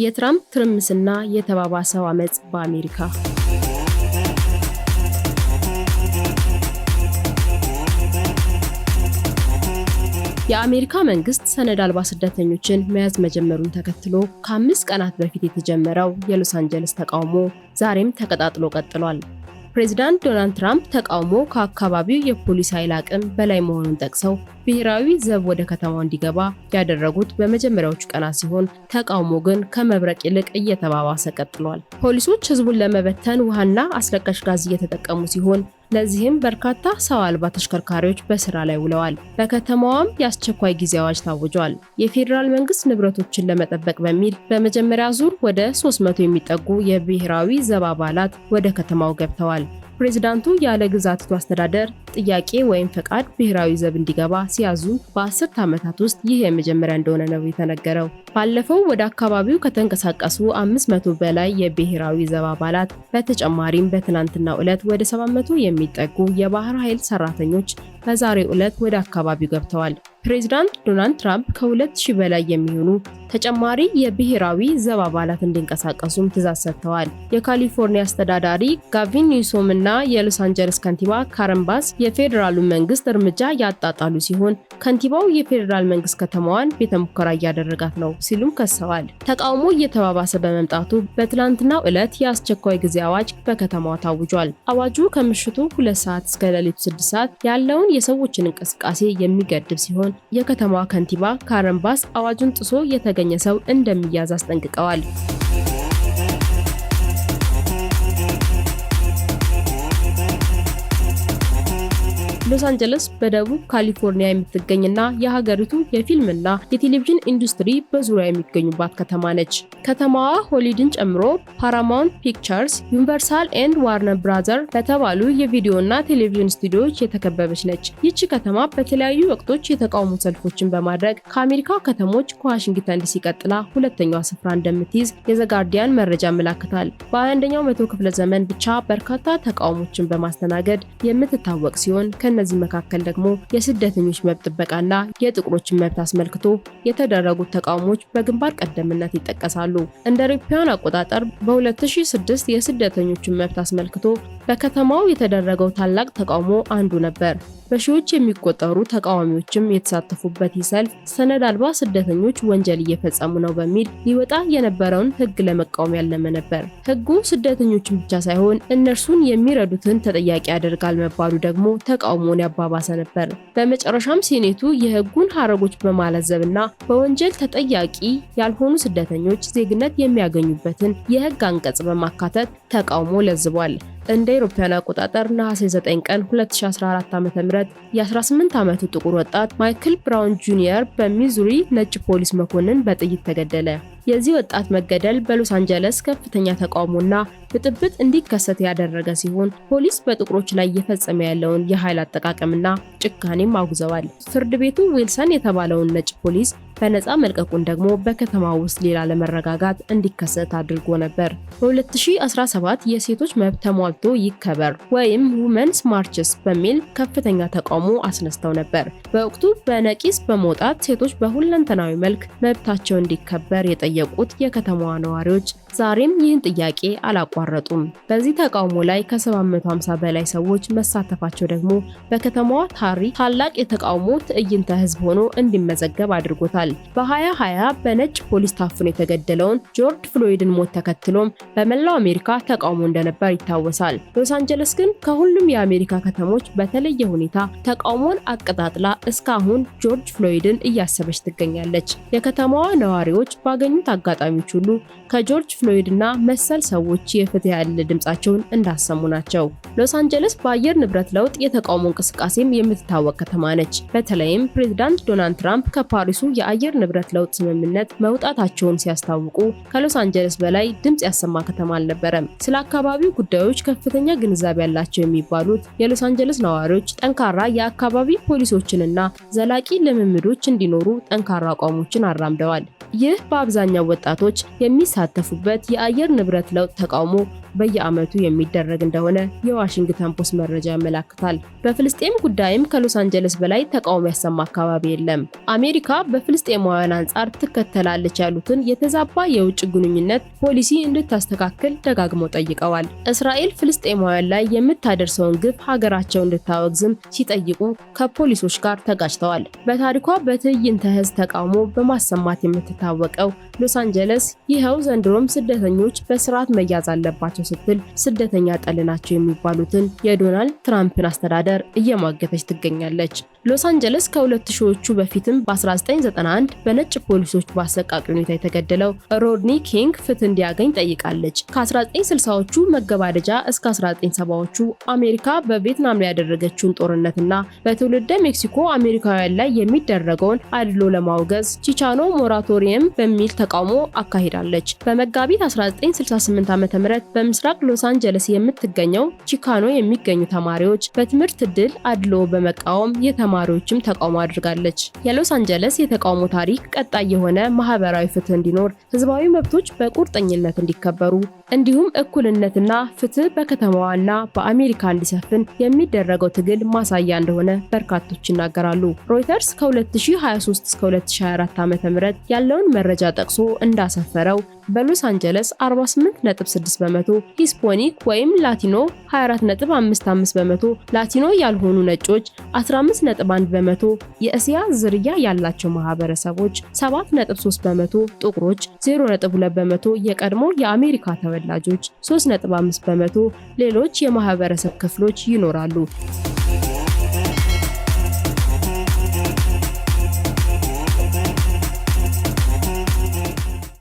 የትራምፕ ትርምስና የተባባሰው አመፅ በአሜሪካ የአሜሪካ መንግስት ሰነድ አልባ ስደተኞችን መያዝ መጀመሩን ተከትሎ ከአምስት ቀናት በፊት የተጀመረው የሎስ አንጀለስ ተቃውሞ ዛሬም ተቀጣጥሎ ቀጥሏል። ፕሬዚዳንት ዶናልድ ትራምፕ ተቃውሞ ከአካባቢው የፖሊስ ኃይል አቅም በላይ መሆኑን ጠቅሰው ብሔራዊ ዘብ ወደ ከተማው እንዲገባ ያደረጉት በመጀመሪያዎቹ ቀናት ሲሆን ተቃውሞ ግን ከመብረቅ ይልቅ እየተባባሰ ቀጥሏል። ፖሊሶች ህዝቡን ለመበተን ውሃና አስለቃሽ ጋዝ እየተጠቀሙ ሲሆን ለዚህም በርካታ ሰው አልባ ተሽከርካሪዎች በስራ ላይ ውለዋል። በከተማዋም የአስቸኳይ ጊዜ አዋጅ ታውጇል። የፌዴራል መንግስት ንብረቶችን ለመጠበቅ በሚል በመጀመሪያ ዙር ወደ 300 የሚጠጉ የብሔራዊ ዘብ አባላት ወደ ከተማው ገብተዋል። ፕሬዝዳንቱ ያለ ግዛቲቱ አስተዳደር ጥያቄ ወይም ፈቃድ ብሔራዊ ዘብ እንዲገባ ሲያዙ በአስርት ዓመታት ውስጥ ይህ የመጀመሪያ እንደሆነ ነው የተነገረው። ባለፈው ወደ አካባቢው ከተንቀሳቀሱ 500 በላይ የብሔራዊ ዘብ አባላት በተጨማሪም በትናንትናው ዕለት ወደ 700 የሚጠጉ የባህር ኃይል ሰራተኞች በዛሬው ዕለት ወደ አካባቢው ገብተዋል። ፕሬዚዳንት ዶናልድ ትራምፕ ከ2 በላይ የሚሆኑ ተጨማሪ የብሔራዊ ዘብ አባላት እንዲንቀሳቀሱም ትእዛዝ ሰጥተዋል። የካሊፎርኒያ አስተዳዳሪ ጋቪን ኒውሶም እና የሎስ አንጀለስ ከንቲባ ካረን ባስ የፌዴራሉ መንግስት እርምጃ ያጣጣሉ ሲሆን ከንቲባው የፌዴራል መንግስት ከተማዋን ቤተ ሙከራ እያደረጋት ነው ሲሉም ከሰዋል። ተቃውሞ እየተባባሰ በመምጣቱ በትላንትናው ዕለት የአስቸኳይ ጊዜ አዋጅ በከተማዋ ታውጇል። አዋጁ ከምሽቱ ሁለት ሰዓት እስከ ሌሊቱ ስድስት ሰዓት ያለውን የሰዎችን እንቅስቃሴ የሚገድብ ሲሆን የከተማዋ ከንቲባ ካረን ባስ አዋጁን ጥሶ የተ የተገኘ ሰው እንደሚያዝ አስጠንቅቀዋል። ሎስ አንጀለስ በደቡብ ካሊፎርኒያ የምትገኝና የሀገሪቱ የፊልምና የቴሌቪዥን ኢንዱስትሪ በዙሪያ የሚገኙባት ከተማ ነች። ከተማዋ ሆሊድን ጨምሮ ፓራማውንት ፒክቸርስ፣ ዩኒቨርሳል ኤንድ ዋርነር ብራዘር በተባሉ የቪዲዮና ቴሌቪዥን ስቱዲዮዎች የተከበበች ነች። ይቺ ከተማ በተለያዩ ወቅቶች የተቃውሞ ሰልፎችን በማድረግ ከአሜሪካ ከተሞች ከዋሽንግተን ዲሲ ቀጥላ ሁለተኛዋ ስፍራ እንደምትይዝ የዘጋርዲያን መረጃ ያመላክታል። በ21ኛው መቶ ክፍለ ዘመን ብቻ በርካታ ተቃውሞችን በማስተናገድ የምትታወቅ ሲሆን ከ ከእነዚህ መካከል ደግሞ የስደተኞች መብት ጥበቃና የጥቁሮችን መብት አስመልክቶ የተደረጉት ተቃውሞዎች በግንባር ቀደምነት ይጠቀሳሉ። እንደ አውሮፓውያን አቆጣጠር በ2006 የስደተኞችን መብት አስመልክቶ በከተማው የተደረገው ታላቅ ተቃውሞ አንዱ ነበር። በሺዎች የሚቆጠሩ ተቃዋሚዎችም የተሳተፉበት ይህ ሰልፍ ሰነድ አልባ ስደተኞች ወንጀል እየፈጸሙ ነው በሚል ሊወጣ የነበረውን ሕግ ለመቃወም ያለመ ነበር። ሕጉ ስደተኞችን ብቻ ሳይሆን እነርሱን የሚረዱትን ተጠያቂ ያደርጋል መባሉ ደግሞ ተቃውሞ ተቃውሞውን ያባባሰ ነበር። በመጨረሻም ሴኔቱ የህጉን ሀረጎች በማለዘብና በወንጀል ተጠያቂ ያልሆኑ ስደተኞች ዜግነት የሚያገኙበትን የህግ አንቀጽ በማካተት ተቃውሞ ለዝቧል። እንደ ኢሮፓያን አቆጣጠር ነሐሴ 9 ቀን 2014 ዓ.ም የ18 ዓመቱ ጥቁር ወጣት ማይክል ብራውን ጁኒየር በሚዙሪ ነጭ ፖሊስ መኮንን በጥይት ተገደለ። የዚህ ወጣት መገደል በሎስ አንጀለስ ከፍተኛ ተቃውሞና ብጥብጥ እንዲከሰት ያደረገ ሲሆን ፖሊስ በጥቁሮች ላይ እየፈጸመ ያለውን የኃይል አጠቃቀምና ጭካኔም አውግዘዋል። ፍርድ ቤቱ ዊልሰን የተባለውን ነጭ ፖሊስ በነፃ መልቀቁን ደግሞ በከተማ ውስጥ ሌላ ለመረጋጋት እንዲከሰት አድርጎ ነበር። በ2017 የሴቶች መብት ተሟልቶ ይከበር ወይም ውመንስ ማርችስ በሚል ከፍተኛ ተቃውሞ አስነስተው ነበር። በወቅቱ በነቂስ በመውጣት ሴቶች በሁለንተናዊ መልክ መብታቸው እንዲከበር የጠየቁት የከተማዋ ነዋሪዎች ዛሬም ይህን ጥያቄ አላቋረጡም። በዚህ ተቃውሞ ላይ ከ750 በላይ ሰዎች መሳተፋቸው ደግሞ በከተማዋ ታሪክ ታላቅ የተቃውሞ ትዕይንተ ህዝብ ሆኖ እንዲመዘገብ አድርጎታል። በ2020 በነጭ ፖሊስ ታፍኖ የተገደለውን ጆርጅ ፍሎይድን ሞት ተከትሎም በመላው አሜሪካ ተቃውሞ እንደነበር ይታወሳል። ሎስ አንጀለስ ግን ከሁሉም የአሜሪካ ከተሞች በተለየ ሁኔታ ተቃውሞን አቀጣጥላ እስካሁን ጆርጅ ፍሎይድን እያሰበች ትገኛለች። የከተማዋ ነዋሪዎች ባገኙት አጋጣሚዎች ሁሉ ከጆርጅ ፍሎይድ እና መሰል ሰዎች የፍትህ ያለ ድምጻቸውን እንዳሰሙ ናቸው። ሎስ አንጀለስ በአየር ንብረት ለውጥ የተቃውሞ እንቅስቃሴም የምትታወቅ ከተማ ነች። በተለይም ፕሬዚዳንት ዶናልድ ትራምፕ ከፓሪሱ የአየር ንብረት ለውጥ ስምምነት መውጣታቸውን ሲያስታውቁ ከሎስ አንጀለስ በላይ ድምጽ ያሰማ ከተማ አልነበረም። ስለ አካባቢው ጉዳዮች ከፍተኛ ግንዛቤ ያላቸው የሚባሉት የሎስ አንጀለስ ነዋሪዎች ጠንካራ የአካባቢ ፖሊሶችንና ዘላቂ ልምምዶች እንዲኖሩ ጠንካራ አቋሞችን አራምደዋል። ይህ በአብዛኛው ወጣቶች የሚሳተፉበት ለደረሱበት የአየር ንብረት ለውጥ ተቃውሞ በየዓመቱ የሚደረግ እንደሆነ የዋሽንግተን ፖስት መረጃ ያመላክታል። በፍልስጤም ጉዳይም ከሎስ አንጀለስ በላይ ተቃውሞ ያሰማ አካባቢ የለም። አሜሪካ በፍልስጤማውያን አንጻር ትከተላለች ያሉትን የተዛባ የውጭ ግንኙነት ፖሊሲ እንድታስተካክል ደጋግመው ጠይቀዋል። እስራኤል ፍልስጤማውያን ላይ የምታደርሰውን ግፍ ሀገራቸው እንድታወግዝም ሲጠይቁ ከፖሊሶች ጋር ተጋጭተዋል። በታሪኳ በትዕይንተ ህዝብ ተቃውሞ በማሰማት የምትታወቀው ሎስ አንጀለስ ይኸው ዘንድሮም ስደተኞች በስርዓት መያዝ አለባቸው ስትል ስደተኛ ጠል ናቸው የሚባሉትን የዶናልድ ትራምፕን አስተዳደር እየማገተች ትገኛለች። ሎስ አንጀለስ ከሁለት ሺዎቹ በፊትም በ1991 በነጭ ፖሊሶች በአሰቃቂ ሁኔታ የተገደለው ሮድኒ ኪንግ ፍትህ እንዲያገኝ ጠይቃለች። ከ1960ዎቹ መገባደጃ እስከ 1970ዎቹ አሜሪካ በቪየትናም ላይ ያደረገችውን ጦርነትና በትውልደ ሜክሲኮ አሜሪካውያን ላይ የሚደረገውን አድሎ ለማውገዝ ቺቻኖ ሞራቶሪየም በሚል ተቃውሞ አካሂዳለች። በመጋቢት 1968 ዓ.ም በምስራቅ ሎስ አንጀለስ የምትገኘው ቺካኖ የሚገኙ ተማሪዎች በትምህርት እድል አድሎ በመቃወም የተማሪዎችም ተቃውሞ አድርጋለች። የሎስ አንጀለስ የተቃውሞ ታሪክ ቀጣይ የሆነ ማህበራዊ ፍትህ እንዲኖር፣ ህዝባዊ መብቶች በቁርጠኝነት እንዲከበሩ እንዲሁም እኩልነትና ፍትህ በከተማዋና በአሜሪካ እንዲሰፍን የሚደረገው ትግል ማሳያ እንደሆነ በርካቶች ይናገራሉ። ሮይተርስ ከ2023 እስከ 2024 ም ያለውን መረጃ ጠቅሶ እንዳሰፈረው በሎስ አንጀለስ 48.6 በመቶ ሂስፖኒክ ወይም ላቲኖ፣ 24.55 በመቶ ላቲኖ ያልሆኑ ነጮች፣ 15.1 በመቶ የእስያ ዝርያ ያላቸው ማህበረሰቦች፣ 7.3 በመቶ ጥቁሮች፣ 0.2 በመቶ የቀድሞ የአሜሪካ ተወላጆች ተወላጆች 3.5 በመቶ ሌሎች የማህበረሰብ ክፍሎች ይኖራሉ።